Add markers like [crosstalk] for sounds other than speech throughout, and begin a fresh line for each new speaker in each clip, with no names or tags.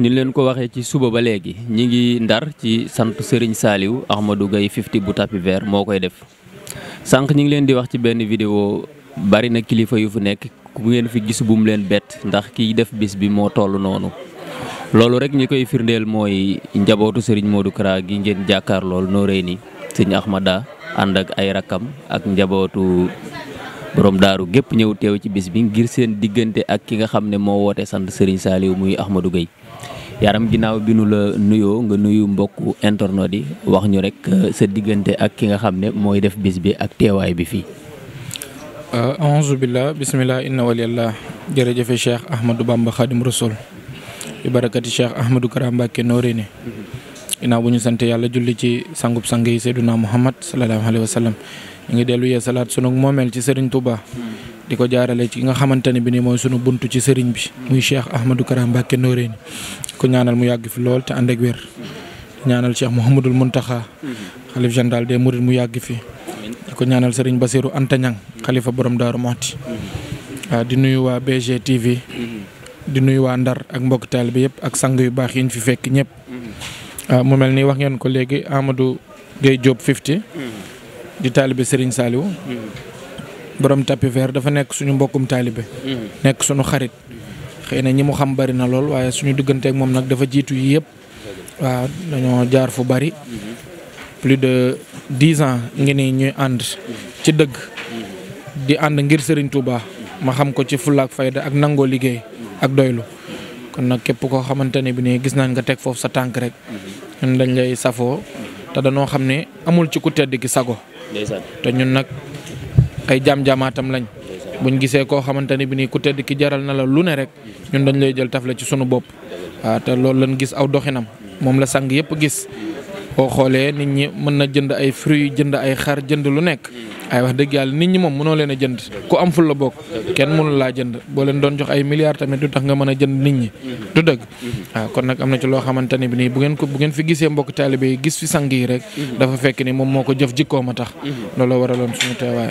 ni leen ko waxee ci suba ba léegi ñi ngi ndar ci sant Serigne saaliw Ahmadou gay Fifty bu tapis vert moo koy def sànq ñi ngi leen di wax ci benn vidéo bari na kilifa yu fu nekk ku ngeen fi gis bu leen bett ndax kiy def bis bi moo toll noonu loolu rek ñi koy firndeel mooy njabootu Serigne Modou Kara gi ngeen jàkkaar lool noo rëy ni Serigne Ahmada ànd ak ay rakkam ak njabootu borom daaru gépp ñëw teew ci bis bi ngir seen diggante ak ki nga xam ne moo woote sant Serigne Saliou muy Ahmadou Gaye yaram ginnaaw bi nu la nuyoo nga nuyu mbokku internautes yi wax ñu rek euh, sa diggante ak ki nga xam ne mooy def bis bi ak teewaay bi fii.
Euh, aouzu billah bismillah inna waliyallah jërëjëfe Cheikh Ahmadou Bamba Khadim Rasoul bi barakati Cheikh Ahmadou Kara Mbacké Noreyni ginnaaw bu ñu sant yàlla julli ci sangub sang yi Seyduna Muhammad sallallahu alayhi wa di ko jaarale ci nga xamante ne bi ni mooy sunu buntu ci sëriñ bi muy Cheikh Ahmadou Kara Mbacké Noreyni ko ñaanal mu yàgg fi lool te ànd ak wér ñaanal Cheikh Mouhamadul Mountakha xalif général des mourides mu yàgg fi di ñaanal sëriñ Bassirou Anta Niang xalifa borom Daaru Muxti di nuyu waa BG TV di nuyu waa Ndar ak mbokk taalibe bi yëpp ak sang yu baax yi fi fekk ñëpp mu mel ni wax ngeen ko léegi Amadou Gueye Diop 50 di taalibe sëriñ Saliou borom tapis vert dafa nekk suñu mbokkum taalibe mhm. nekk suñu xarit xëy na ñi mu xam bari na lool waaye suñu digganteek moom nag dafa jiitu yi yëpp waaw dañoo jaar fu bari mhm. plus de dix ans ngi nii ñuy ànd ci dëgg di ànd ngir Sëriñ baax ma xam ko ci fulla ak fayda ak nangoo liggéey ak doylu kon nag képp koo xamante ne bi nii gis naa nga teg foofu sa tànk rek ñun dañ lay safoo te danoo xam ne amul ci ku tedd ki sago te ñun nag ay jaam-jaamaatam lañ buñ gisee koo xamante ne bi nii ku tedd ki jaral na la lu ne rek ñun dañ lay jël taf la ci sunu bopp waaw te loolu lañ gis aw doxinam moom la sang yëpp gis boo xoolee nit ñi mën na jënd ay fruits jënd ay xar jënd lu nekk ay wax dëgg yàlla nit ñi moom mënoo leen a jënd ku am ful la bokk kenn mënu laa jënd boo leen doon jox ay milliards tamit du tax nga mën a jënd nit ñi du dëgg waaw kon nag am na ci loo xamante ne bi nii bu ngeen ko bu ngeen fi gisee mbokk taalibe yi gis fi sang yi rek dafa fekk ni moom moo ko jëf jikkoo ma tax loolu waraloon suñu teewaay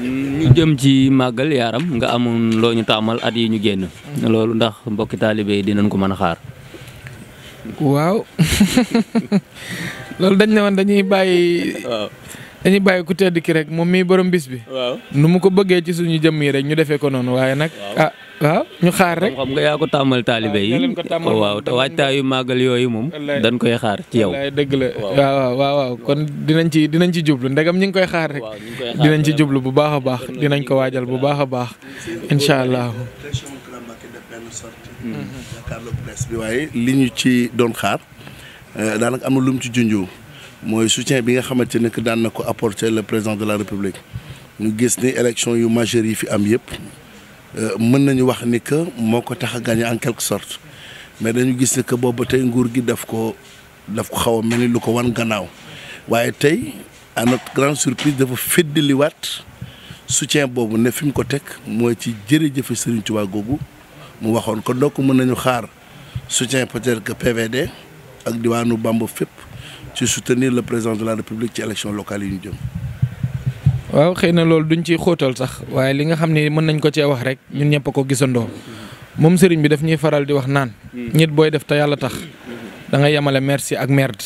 ñu jëm ci màggal yaaram nga amoon loo ñu taamal at yi ñu génn loolu ndax mbokki taalibe yi dinañ ko mën a xaar
waaw [laughs] loolu dañ ne woon dañuy bàyyi. waaw dañuy bàyyi ku tedd ki rek moom mii borom bis bi. waaw nu mu ko bëggee ci suñu jëm yi rek ñu defee ko noonu waaye nag. ah waaw ñu xaar rek.
xam nga yaa ko tàmmal taalibe yi ah, waaw te waajtaayu màggal yooyu moom. dañ koy xaar ci yow. wallaay dëgg la
waaw waaw kon dinañ ci dinañ ci jublu ndegam ñu ngi koy xaar rek. dinañ ci jublu bu baax a baax dinañ ko waajal bu baax a baax
incha allah. jàkkaarloo presse bi waaye li ñu ci doon xaar euh, daanaka am na lu mu ci junjoo mooy soutien bi nga xamante ne que daan na ko apporter le président de la république ñu gis ni élection yu majeures yi fi am yëpp euh, mën nañu wax ni que moo ko tax a gagné en quelque sorte mais dañu gis ni que boobu tey nguur gi daf ko daf ko xaw a mel ni lu ko wan gannaaw waaye tey à notre grande surprise dafa féddaliwaat soutien boobu ne fi mu ko teg mooy ci jërëjëfe Serigne Touba googu. mu waxoon kon donc mën nañu xaar soutien peut que PVD ak diwaanu Bamba fépp ci soutenir le président de la République ci élection locale yu ñu jëm.
waaw xëy na loolu duñ ci xóotal sax waaye li nga xam ne mën nañ ko cee wax rek ñun ñëpp a ko gisandoo moom sëriñ bi daf ñuy faral di wax naan. Hmm. nit booy def te yàlla tax da nga yemale merci ak merd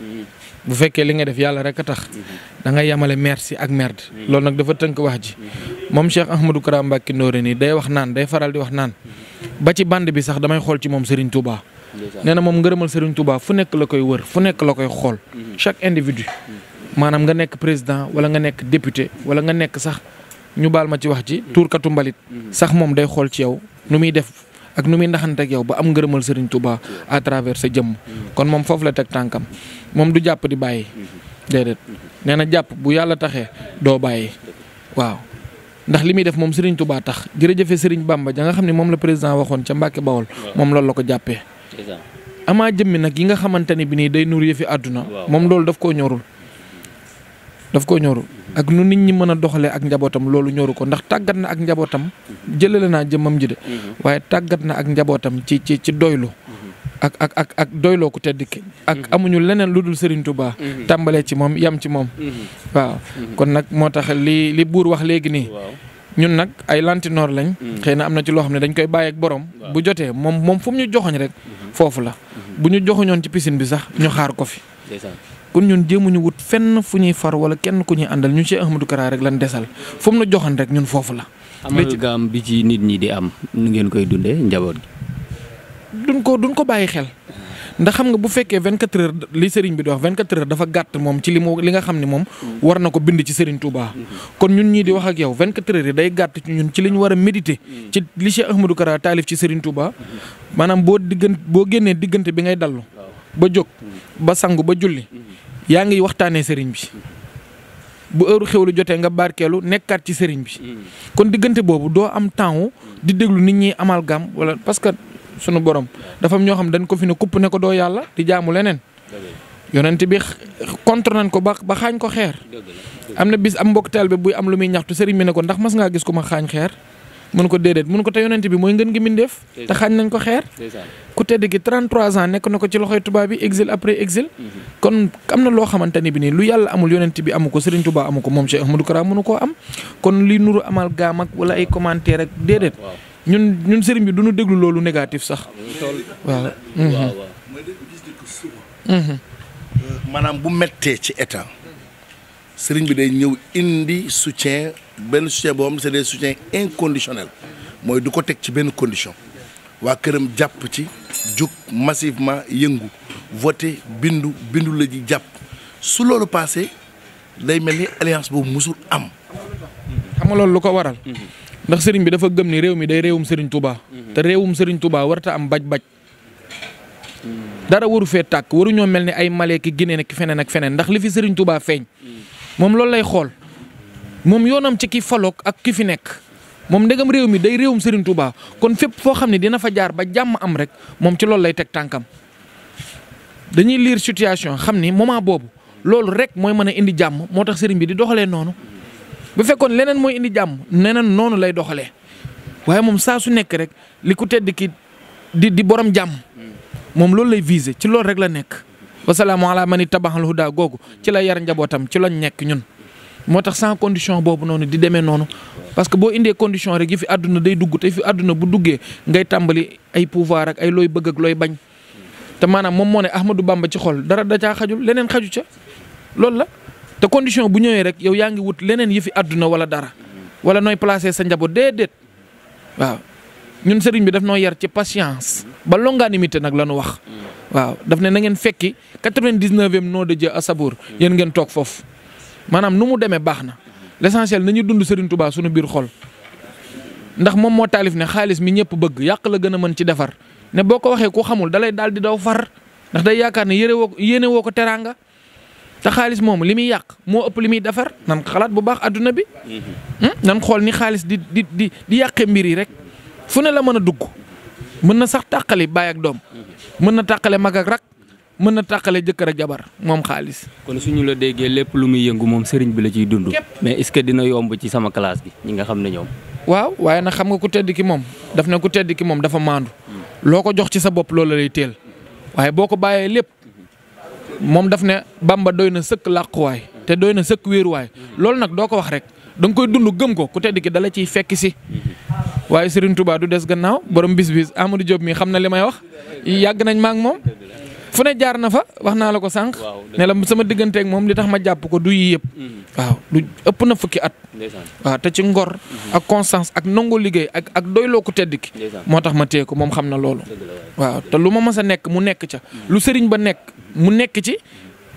hmm. bu fekkee li nga def yàlla rek a tax mhm. dangay nga yamale merci ak merde mhm. loolu nag dafa tënk wax ji mhm. moom Cheikh Ahmadou Kara Mbacké nii day wax naan day faral di wax naan ba ci bande bi sax damay xool ci moom Serigne Touba. nee na moom ngërëmal Serigne Touba fu nekk la koy wër fu nekk la koy xool chaque individu maanaam nga nekk président wala nga nekk député wala nga nekk sax ñu baal ma ci wax ji tuurkatu mbalit sax moom day xool ci yow nu muy def ak nu muy ndaxante ak yow ba am ngërëmal Serigne Touba à travers sa jëm kon moom foofu la teg tànkam moom du jàpp di bàyyi déedéet nee na jàpp bu yàlla taxee doo bàyyi waaw ndax li muy def moom Serigne Touba tax jërëjëfe Serigne Bamba ja nga xam ne moom la président waxoon ca Mbacke Bawol moom loolu la ko jàppee amaa jëmmi nag yi nga xamante ne bi nii day nuur yëfi àdduna moom loolu daf koo ñorul daf ko ñoru ak nu nit ñi mën a doxalee ak njabootam loolu ñoru ko ndax tàggat na ak njabootam jëlale naa jëmmam ji de mm-hmm. waaye tàggat na ak njabootam ci ci ci doylu mm-hmm. ak ak ak ak doyloo ku tedd ki ak mm-hmm. amuñu leneen lu dul Serigne baax tàmbalee ci moom yam ci moom. waaw kon nag moo tax li li buur wax léegi nii. ñun nag ay lantinoor lañ. xëy na am na ci loo xam ne dañ koy bàyyeek ak borom. bu jotee moom moom fu ñu joxoñ rek. foofu la bu ñu joxoñoon ci piscine bi sax ñu xaar ko fi. kon ñun jéemuñu wut fenn fu ñuy far wala kenn ku ñuy àndal ñu Cheikh Ahmadou Kara rek lan desal fu la joxan rek ñun foofu la.
amalgame bi ci nit ñi di am nu ngeen koy dundee njaboot gi.
duñ ko duñ ko bàyyi xel. ndax xam nga bu fekkee 24 heures li sëriñ bi di wax 24 dafa gàtt ci li mu li nga xam ne moom. war na ko bind ci sëriñ Touba. kon ñun ñii di wax ak yow vingt heures yi day gàtt ci ñun ci li ñu war a méditer. ci li Cheikh Ahmadou Kara taalif ci sëriñ Touba. maanaam boo diggante boo génnee diggante bi ngay dallu. ba jóg ba sangu ba julli yaa ngi waxtaanee sëriñ bi bu heure xewlu jotee nga barkeelu nekkaat ci sëriñ bi kon diggante boobu doo am temps di déglu nit ñi amalgam wala parce que sunu borom dafa ñoo xam dañ ko fi ne ko doo yàlla di jaamu leneen yonent bi contre nañ ko ba ba xaañ ko xeer am na bis am mbokk bi buy am lu muy ñaxtu sëriñ bi ne ko ndax mas ngaa gis ku ma xaañ xeer mun ko déedéet mun ko te yonent bi mooy ngën gi mbindeef te xaañ nañ ko xeer ku tedd gi 33 ans nekk na ko ci loxoy tubaab bi exil après exil mhm. kon am na loo xamante ni bi nii lu yàlla amul yonent bi amu ko Serigne Touba amu ko moom Cheikh Ahmadou Kara mënu ko am kon li nuru amaal gaamak ak wala ay commentaire ak déedéet ñun ñun sëriñ bi du ñu déglu loolu négatif sax waaw
mhm. euh, maanaam bu mettee ci état sëriñ bi day ñëw indi soutien benn soutien boo xam ne c'est des soutiens inconditionnels mooy du ko teg ci benn condition waa këram jàpp ci jug massivement yëngu voté bindu bindu la ji jàpp su loolu passé day mel ni alliance boobu musul am. xam nga loolu lu ko waral. Mhm. ndax sëriñ bi
dafa gëm ni réew mi day réewum sëriñ Touba. Mhm. te réewum sëriñ Touba warta am baj-baj. dara waru fee tàkk waru ñoo mel ni ay Mali ki Guinée ki feneen ak feneen ndax li fi Serigne Touba feeñ moom loolu lay xool moom yoonam ci ki faloog ak ki fi nekk moom ndegam réew mi day réewum sëriñ Touba kon fépp foo xam ne dina fa jaar ba jàmm am rek moom ci loolu lay teg tànkam dañuy liir situation xam ni moment boobu loolu rek mooy mën a indi jàmm moo tax sëriñ bi di doxalee noonu bu fekkoon leneen mooy indi jàmm neneen noonu lay doxalee waaye moom saa su nekk rek li ku tedd ki di di borom jàmm moom loolu lay viser ci loolu rek la nekk wasalaamu ala mani tabaxal huda googu ci la yar njabootam ci lañ nekk ñun. moo tax sans condition boobu noonu di demee noonu parce que boo indee condition rek yi fi adduna day dugg te fi àdduna bu duggee ngay tàmbali ay pouvoir ak ay looy bëgg ak looy bañ te maanaam moom moo ne Ahmadou Bamba ci xol dara da caa leneen xaju ca loolu la. te condition bu ñëwee rek yow yaa ngi wut leneen yi fi adduna wala dara wala nooy placer sa njaboot déedéet waaw ñun sëriñ bi daf noo yar ci patience. ba longanimité nag la ñu wax. waaw daf ne na ngeen fekki quatre vingt dix noo nom de Dieu Assabour yéen ngeen toog foofu maanaam nu mu demee baax na l'essentiel nañu dund Serigne Touba suñu biir xol. ndax moom moo taalif ne xaalis mi ñëpp bëgg yàq la gën a mën ci defar ne boo ko waxee ku xamul dalay daal di daw far ndax day yaakaar ne yére woo yéene woo ko teraanga te xaalis moom li muy yàq moo ëpp li muy defar nan xalaat bu baax àdduna bi. Mm-hmm. Hmm? nan xool ni xaalis di di di di yàqee mbir yi rek fu ne la mën a dugg. mën na sax tàqali bàyyi ak doom mën na tàqale mag ak rak mën na tàqale jëkkër ak jabar moom xaalis.
kon ñu la déggee lépp lu muy yëngu moom sëriñ bi la ciy dund. mais est-ce que dina yomb ci sama classe bi ñi nga xam ne ñoom.
waaw waaye na xam nga ku tedd ki moom daf ne ku tedd ki moom dafa maandu. loo ko jox ci sa bopp loolu lay teel. waaye boo ko bàyyee lépp moom daf ne bamba doy na sëkk làquwaay te doy na sëkk wéeruwaay loolu nag doo ko wax rek da koy dund gëm ko ku tedd ki dala ciy fekk si. waaye Serigne tubaa du des gannaaw borom bis bis Amadou Diop mi xam na li may wax yàgg nañ maak ak moom. fu ne jaar na fa wax naa la ko sànq. ne la sama digganteeg moom li tax ma jàpp ko du yëpp.
Mm-hmm. waaw
lu ëpp na fukki at. waaw te ci ngor. Mm-hmm. ak constance ak nangu liggéey ak ak doyloo ko tedd ki. moo tax ma téye ko moom xam na loolu. waaw te lu ma mës a nekk mu nekk ca. lu sëriñ ba nekk mu nekk ci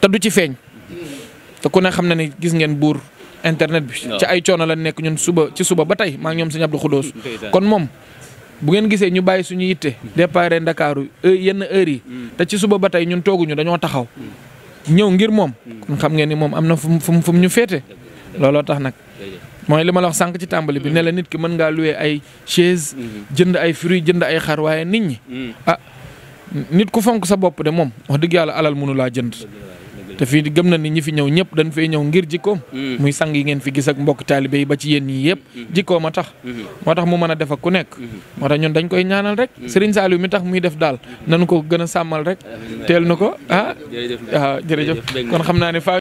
te du ci feeñ. Mm-hmm. te ku ne xam na ne gis ngeen buur internet bi. ca ay coono la nekk ñun suba ci suba ba tey maa ngi ñoom sëñ Abdou Khoudous. kon moom bu ngeen gisee ñu bàyyi suñu yitte. départ Ndakaaru e, yenn heure yi. Mm. te ci suba ba tey ñun tooguñu dañoo taxaw. ñëw ngir moom. Mm. kon xam ngeen ni moom am na fum mu ñu féete. looloo tax nag. mooy li ma la wax sànq ci tàmbali bi ne la nit ki mën ngaa louer ay chaise. Mm-hmm. jënd ay fruits jënd ay xar waaye nit ñi. Mm. a ah, nit ku fonk sa bopp de moom wax dëgg yàlla alal mënu laa jënd. te fi gëm na ni fi ñëw ñëpp dañ fay ñëw ngir jikkoom mm. muy sang yi ngeen fi gis ak mbokk taalibe yi ba ci yéen ñii yëpp mm-hmm. jikkoom a tax mm-hmm. moo tax mu mën a def ak ku nekk mm-hmm. moo tax ñun dañ koy ñaanal rek Serigne Saliou mi tax muy def daal nañu ko gën a sàmmal rek teel na ko ah waaw jërëjëf ah, kon xam naa ne